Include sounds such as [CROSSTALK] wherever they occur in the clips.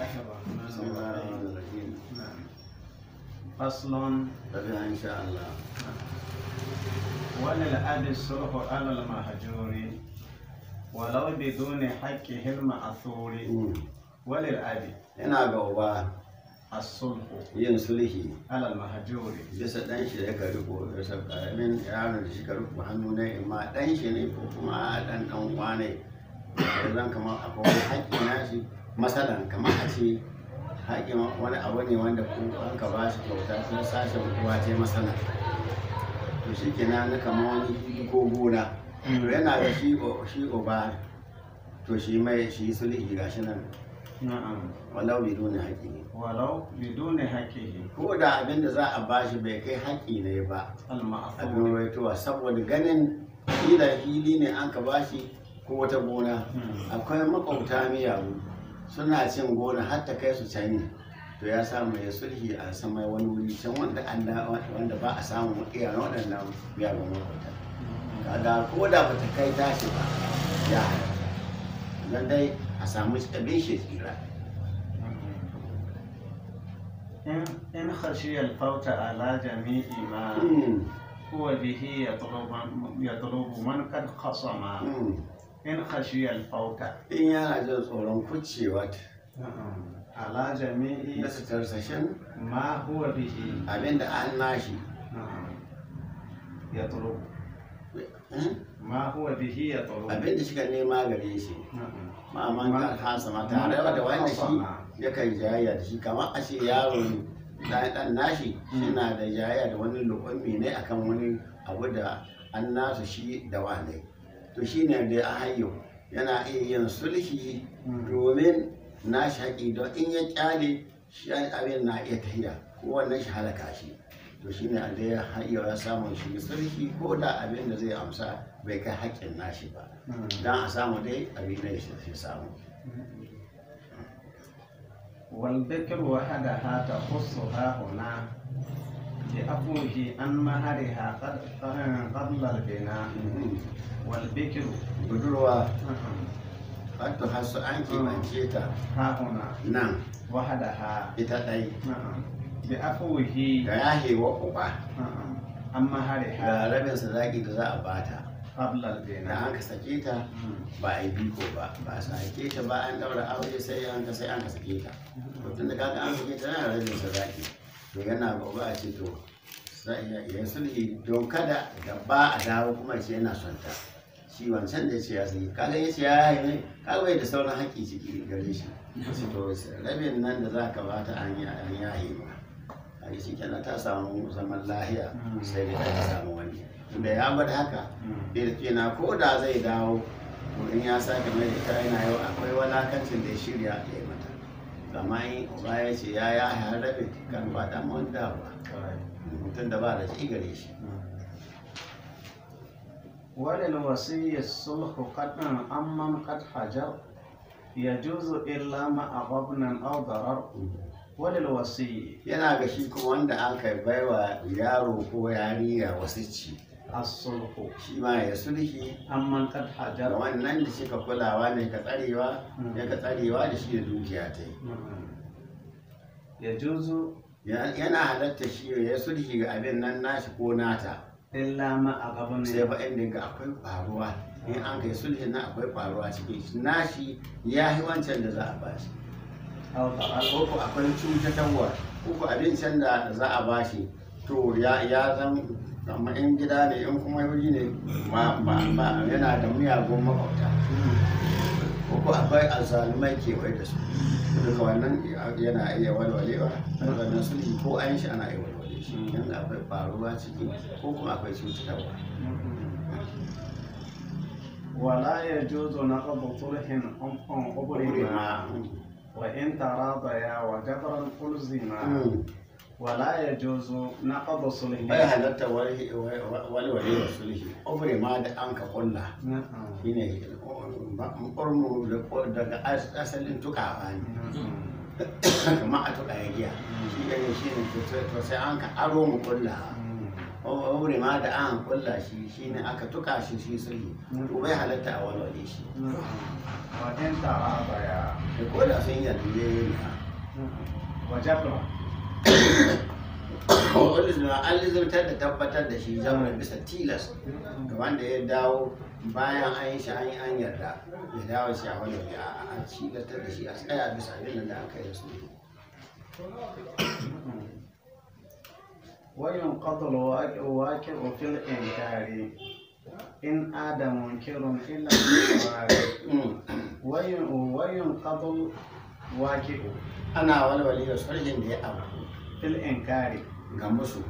بسم الله الرحمن الرحيم فصل بدأ إن شاء الله وللأب الصلح على المهجور ولو بدون حقه المعثور وللأب أنا الصلح yin sulhi alal mahajuri bisa dan shi da ka riko bisa yaron da shi ka riko hannu ne ma ne ko kuma zan na shi Masalan kamar a ce haƙƙin wani abu ne wanda an ka ba shi kyauta ta sashe kowa ce masana to shi ke na kama wani hili ko gona mm. yana da shi ba to shi mai shi sulhi ga shi nan walau bi dole haƙi ne walau bi dole haƙi ne ko da abin da za a ba shi bai kai haƙi ne ba abin raituwa saboda ganin kila hili ne an ka ba shi ko wata gona mm. akwai makwabta miyagu suna cin gona har ta kai su can to ya samu ya sulhi a samai wani wuri can wanda wanda ba a samu iyayen waɗannan yaran makwata kaga ko da ba ta kai tashi ba ya nan dai a samu abin shi tsira in khashiyal fauta ala jami'i ma hmm. huwa bihi yatlubu man kan khasama hmm. in khashiyal fauta in yana jin tsoron kucewa ala jami'i da su tarsashin ma huwa bihi abinda an nashi ya turo eh? ma huwa bihi ya turo abinda shi ka nema gare shi ma man ka hasa ma tare da wani shi yakan jayayya da shi kamar a ce yaro dan nashi hmm. suna da jayayya da wani lokomi ne akan wani abu da an nasa shi da wane to shine bai a hayo yana iya yin sulhi domin na shaƙi don in ya ƙyale shi abin na iya tahiya ko wannan shi halaka shi to shi ne da ya hayo ya samu shi sulhi ko da abin da zai amsa bai kai haƙƙin nashi ba hmm. don a samu dai abin da ya samu والذكر وحدها تخصها هنا لأفوه عن مهرها قبل البناء والبكر بدروة قد تحس عنك من شئت ها هنا نعم وحدها إتتي نعم لأفوه كياهي وقبة عن مهرها لا لم يصدق إذا أباتها kablal da an ka sake ta ba a yi biko ba ba a sake ta ba an daura aure sai an ka sai an ka sake ta tun da kaga an sake ta na rajin sadaki to yana gobe a ce to ya sulhi don kada da ba a dawo kuma ce yana son ta shi wancan da ce ya sulhi kaga ya ce ya yi ne kaga da sauran haƙƙi ciki gare shi su to rabin nan da za ka bata ta yi an yahi ma a yi shi kenan ta samu zaman lahiya sai da ta samu wani da ya bada haka bai ko da zai dawo wurin in ya sake mai da ta yana yau akwai walakancin da ya shirya ya yi mata amma baya ce ya ya har rabe kan ba da mun da ba mutum da ba da shi gare shi walil wasiyya sulhu qadnan amman qad hajar juzo illa ma aghabnan aw darar walil wasiyya yana ga shi kuma wanda aka baiwa yaro ko yariya wasicci as-sulhu shi ma ya sulhi amman kad hajar wannan da shi ka kulawa ne ka tsarewa ya hmm. ka tsarewa da shi da dukiya ta yi hmm. ya juzu yana halatta shi ya sulhi ga abin nan nashi ko nata illa ma a gaban sai ba inda ga akwai faruwa in an kai sulhi na akwai faruwa cikin shi nashi ya yi wancan da za a bashi ko akwai cutatarwa ko abin can da za a ba shi to ya zama amma in gida ne in kuma wuri ne yana da miyagun makwabta ko akwai azalumai kewai da su duka wannan yana iya walwalewa wannan sulhi ko an shi ana iya walwale shi in akwai faruwa ciki ko kuma akwai cutarwa wala ya jozo na ƙabar sulhin an wa wa wala ya jozo na qada sulhi bai halatta wali wali da sulhi umri ma da an ka kulla shine mu daga asalin tukawa ne kuma a tuka ya giya mm. shi ne shi ne to sai an ka aro mu kulla mm. umri ma da an kulla shi shi ne aka tuka shi shi sulhi mm. to bai halatta a walwale shi wajen tawa baya ko da sun yadda ne wajabra wadda an lizartar da tabbatar da shi zaman bisa tilas ga wanda ya dawo bayan an yi shi an yi an yarda ya dawo shi a wani ya a cilatar da shi a tsaya bisa abin da aka yi su wayan qadal wa ke fil inkari in adam kirun illa wayan wayan qadal wa ana walwali da sarhin da ya abu fil inkari ga musu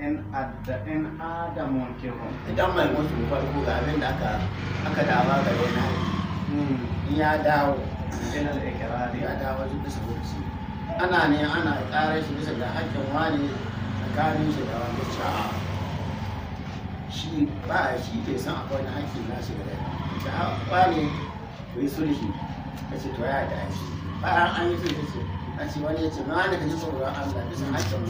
in adda in adamu ke kihum idan e mai musu farko ga abin da aka aka dawa ga yana in hmm. ya dawo in al ikrari e ya dawo duk bisa gurbi ana ne ana tsare shi bisa ga hakkin wani tsakanin shi da wani sha'a shi ba shi ke san akwai wani hakki na shi da sha'a wani to yi sulhi kace to ya da shi ba an yi sulhi a ce wani ya ce ma ne ka ji tsoron Allah bisa haƙƙin mu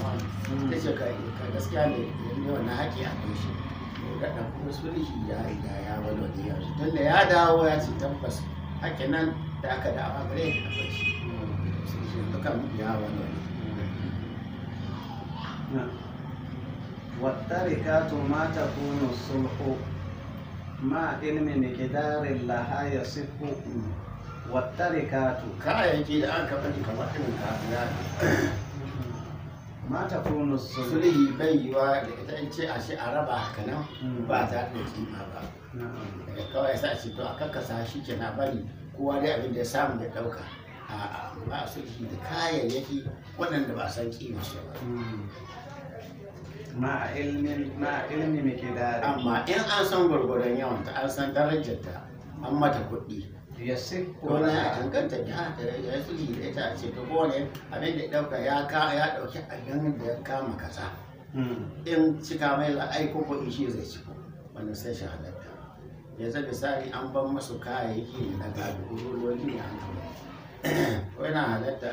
ta ce ka gaskiya ne eh, ne wannan haƙƙi a kan shi da ɗan kuma sulhi ya riga ya wani wani ya shi tunda ya dawo ya ce tabbas haƙƙin nan da aka da a gare shi akwai shi sulhi yanzu kan ya wani wani والتركة ما تكون الصلح مع علم مقدار لها يصح wattarikatu kayayyaki da aka faɗi kamar irin kafiya mata kono sulhi bai yiwa da ita in ce a shi a raba haka nan hmm. ba ta da kima ba daga kawai sa ce to a kakkasa shi ke na bari kowa dai abin da ya samu da ɗauka a ba a sulhi da kayayyaki waɗanda ba san kima su ba hmm. ma a ilmi mai ke da amma in an san gwargwaron ta an san darajarta an mata kuɗi wani an ganta da ya sulhi da ita ce to kowane abin da ɗauka ya ka ya ɗauki abin da ya kama kasa hmm. in cika mai la'ai ko ko ishi zai ciko wannan sai shi halatta ya yanzu misali an ban masu kayayyaki ne na gado ko ruruwoki ne an kama yana halatta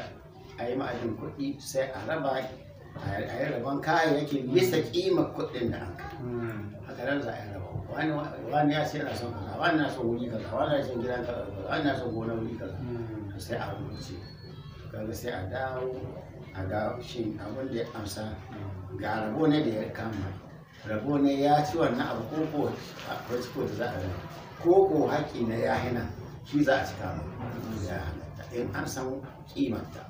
a yi ma'ajin kuɗi sai a raba a yi rabon kayayyaki bisa kima kuɗin da an kai hmm. haka nan za a yi raba. wani ya sai na son kaza wani na son wuri kaza wani na son gidan kaza wani na son gona wuri kaza hmm. sai a rubuce kaga sai a dawo a ga shin abin da ya amsa ga rabo ne da ya kama rabo ne ya ci wannan abu ko ko a ko da za a yi ko ko haƙƙi na ya hina shi za a cika ma ya halatta in an san kimanta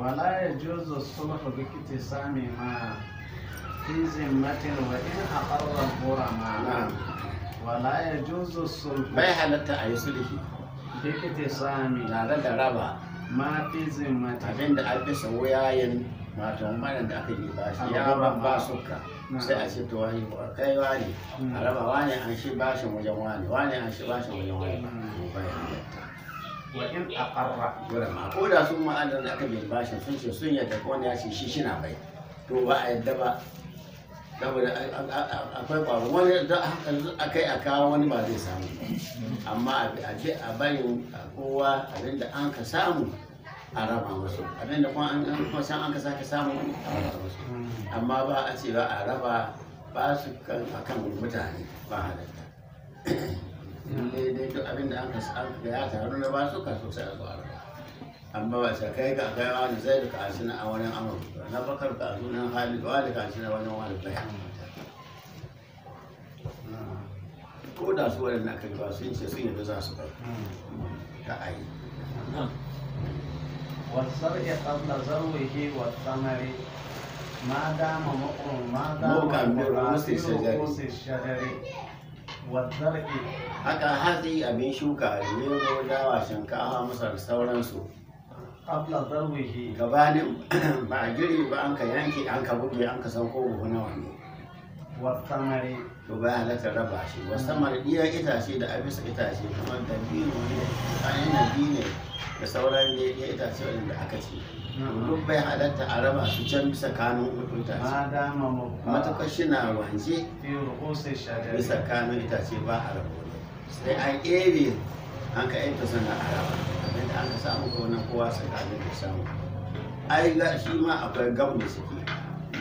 wala ya juzo sulhu bi kiti sami ma في ذمة وإن أقر الغرماء ولا يجوز الصلح ما حالتا أي صلح باكتسام لا لا ربا ما في ذمة أبين ده ألبس وياين ما تهمنا ده أكل يباش يا رب باسوكا sai a ce to wani kai wani hmm. a raba wani an shi bashin wajen wani wani an shi bashin wajen wani hmm. wa in aqarra ulama ko da sun ma'adar da aka bin bashin sun ce sun yadda ko ne ya ce shi shi na bai to ba a yadda ba saboda akwai ƙwaro wani da akai a kawo wani ba zai samu amma a bayin kowa da an ka samu a raba wasu da kuma san an ka sake samu a raba wasu amma ba a ce ba a raba ba su kan mutane ba halatta dai duk da an ka ya taru na ba su ka sosai a zuwa amma ba sai kai ka kai wani zai da kasina a wani amur na bakar ba da wani kasina wani wani bayan ah. ko da su wani na kai ba sun ce sun da za su ba. ta ayi wasar ya kabla zarwihi wa tsamari ma dama makon ma dama makon shajari haka hatsi abin shuka ne dawa shinkafa masar sauransu qabla zarwihi gabanin [CLEARS THROAT] ba a girbi ba an ka yanki an ka buɗe, an ka sauko buhu na wani wasamari to ba halatta raba shi wasamari iya itace da abisa itace kamar da biyu ne kayan da ne da sauran da ya itace da aka ce duk bai halatta a raba su can bisa kanun itace matakar shi na wance bisa kanun itace ba a rabo sai an ƙere an ka yanka suna a raba abin da aka samu ko kowa tsakanin da samu ai ga shi ma akwai gabu da suke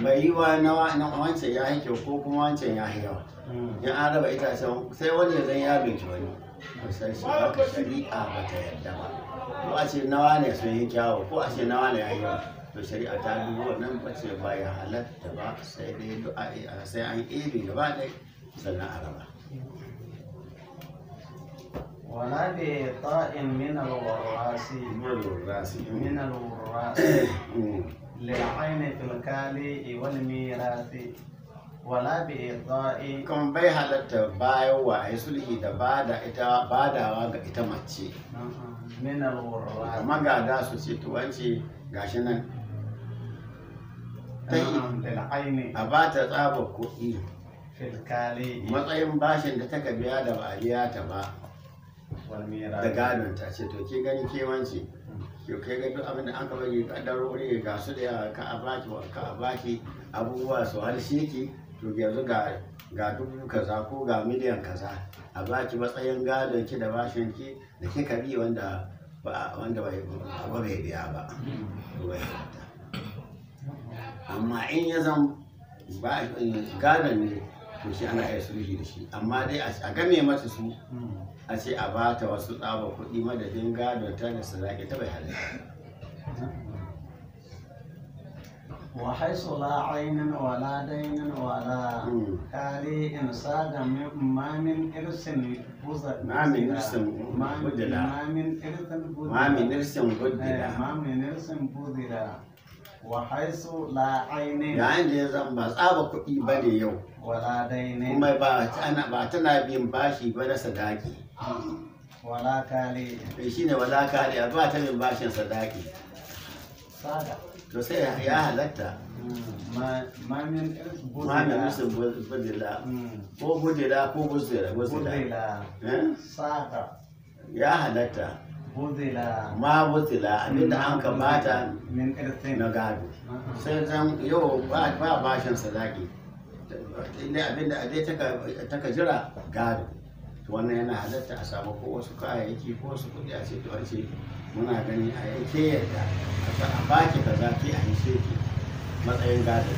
mai yi wa na wancan ya yi kyau ko kuma wancan ya yi yawa in an raba itacen sai wani ya zan ya binci wani sai shi haka shari'a ba ta yarda ba ko a ce nawa ne sun yi kyawu ko a ce nawa ne ya yi yawa to shari'a ta duba nan ba ce ba ya halatta ba sai dai du'a sai an iri gaba ɗaya sannan a raba ولا بإعطاء من الوراث من الوراث من الوراث للعين في الكالي والميراث wala bi irda'i kan bai halartar bayarwa ya sulhi da bada ita badawa ga ita mace min al su ce to wance gashi nan tai a ba ta tsaba kuɗi matsayin bashin da ta biya da ba a biya ta ba da gadon ta ce to ke gani kewanci ke kai ga duk abin da an yi bari rori ga su da ka abaki ka abaki abubuwa su halshe ki to yanzu ga ga dubu kaza ko ga miliyan kaza a baki matsayin gadon ki da bashin ki da kika bi wanda ba wanda bai ba bai biya ba amma in ya zan gadon ne to shi ana iya sulhi da shi amma dai a game masa su a ce a ba ta wasu tsaba kuɗi madadin gado, ta da sadaki ta bai halitta wa haisu la ainin wa dainin wala. la hmm. kare in sa da mamin irsin buzira. mamin irsin buzar wa haisu la ainin yayin da ya zama ba tsaba kuɗi ba da yau wala dainin kuma ba ana ba tana bin bashi ba na sadaki wala kale to eh, shine wala kale ba ta bin bashin sadaki sada to sai ya halatta mamin irsu budila ko budila ko budila budila eh? sada ya halatta ma wutila abinda an ka bata na gado sai zan yau ba bashin sadaki inda abinda a dai taka jira gado wannan yana halatta a samu ko wasu kayayyaki ko wasu kudi a ce to muna gani a yanke yadda a baki kaza ke a hishe ki matsayin gado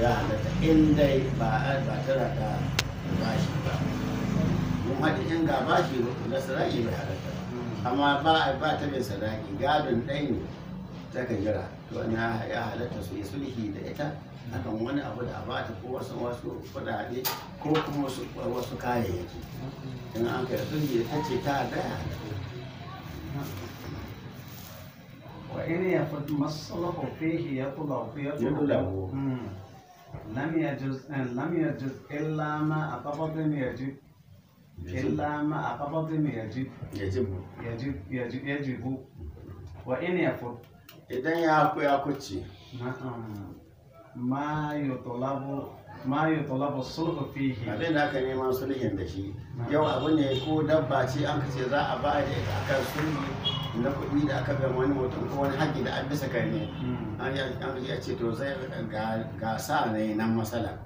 ya halatta in dai ba tara da bashi ba mun haɗi in ga bashi na sara'i bai halatta amma ba ba ta bin sadaki gadon ɗai ne ta kan jira to na ya halatta su yi sulhi da ita akan wani abu da ba ta ko wasu wasu kudade ko kuma wasu kayayyaki in an kai sulhi ta ce ta da ya wa ina ya fi masalahu fihi ya kula ya kula lam yajuz lam yajuz illa ma aqabatu إلا ما قبض يجب يجب يجب يجب يجب وإن يفر إذن ma yi sulhu fihi abin da aka neman sulhin da shi yau abu ne ko dabba ce an kace za a ba da ita akan sulhi na kuɗi da aka ga wani mutum ko wani haƙƙi da an bisa kai ne hmm. an yi ce to zai ga sa ne nan masala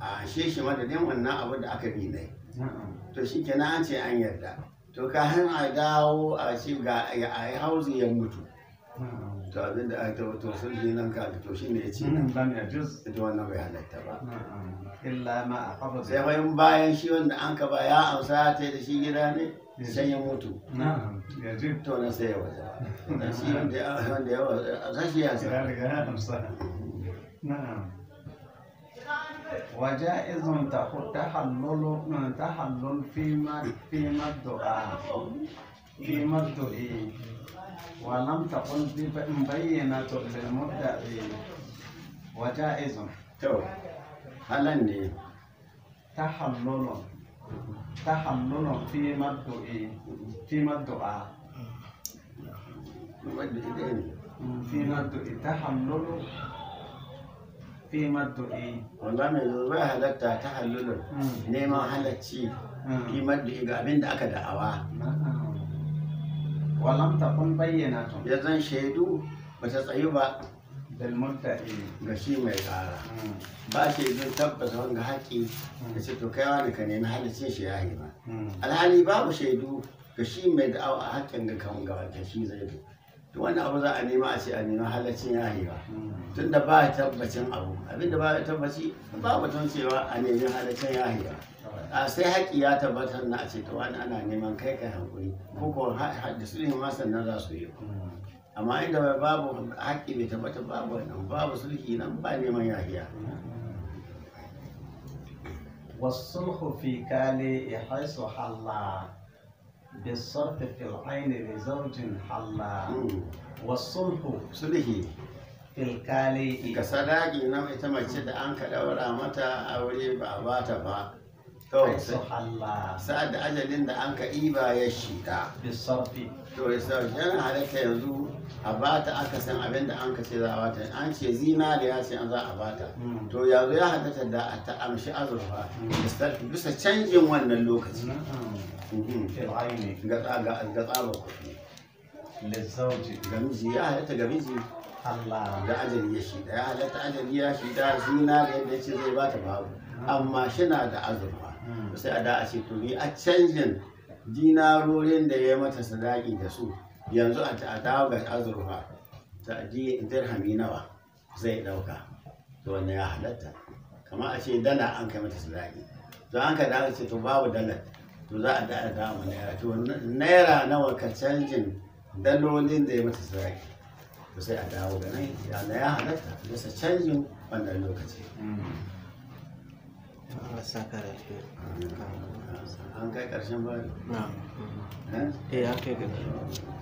a shi shi madadin wannan abu da aka bi ne to shi kenan an ce an yarda to ka a dawo a shi ga a yi hausin ya mutu to abin da aka wato sun ji nan ka to shi ne ya ce nan ba ne jus ita wannan bai halatta ba illa ma a kafa sai bayan bayan shi wanda an ka ba ya amsa ya ta da shi gida ne sai ya mutu to na sai ya wata shi wanda ya wata a sashi ya sa وجائز تحلل تحلل فيما فيما ادعى فيما الدعاء ولم تقل مبينة للمدعي وجائز تو أني تحلل تحلل فيما ادعي فيما ادعى فيما الدعاء تحلل fi maddu'i wannan yanzu zai halatta ta hallulun hmm. neman halacci hmm. fi maddu'i ga abin da aka da'awa hmm. walam ta kun bayyana tun ya zan shaidu ba ta tsayu ba dal murta'i ga shi mai kara ba shaidun tabbas wanga haƙi da ce to kai wani ka nemi halaccin shi yayi ba alhali babu shaidu ga shi mai da'awa a haƙƙin ga kan ga shi zai wannan abu za a nema a ce a nema halaccin yayewa tun da ba mm. tabbacin abu abinda ba tabbaci ba batun cewa a nemi halaccin yayewa a sai haƙƙi ya tabbatar na a ce ta wani ana neman kai kai hankuri ko ko da su ne ma sannan za su yi mm. amma inda babu haƙƙi bai tabbatar babu wannan babu sulhi nan ba neman yahiya wasulhu fi kale ya haisu halla بالصرف في العين لزوج حلا والصلح sulhi filkale ka sadaki na ita mace da an ka daura mata aure ba ba ta ba sa'ad da ajalin da an ka iba ya shiga to ya halatta yanzu a bata aka san abin da an ka ce za a bata an ce ya ce an za a bata hmm. to ya halatta da a ta amshi azurfa hmm. bisa canjin wannan lokaci hmm. ga da ajali da ya ce zai bata babu amma shi na da azurfa Hmm. sai a da a ce to ni a canjin dinarorin da ya mata sadaki da su yanzu a dawo ga azurfa ta ji dirhami nawa zai dauka to wannan ya halatta kamar a ce dala an kai mata sadaki to an ka dawo ce to babu dala to za a dawo da mu naira to naira nawa ka canjin dalolin da ya mata sadaki to sai a dawo ga nan ya halatta bisa canjin wannan lokaci hmm. साखर अंकाय कर शंभर हां हे अंकाय कर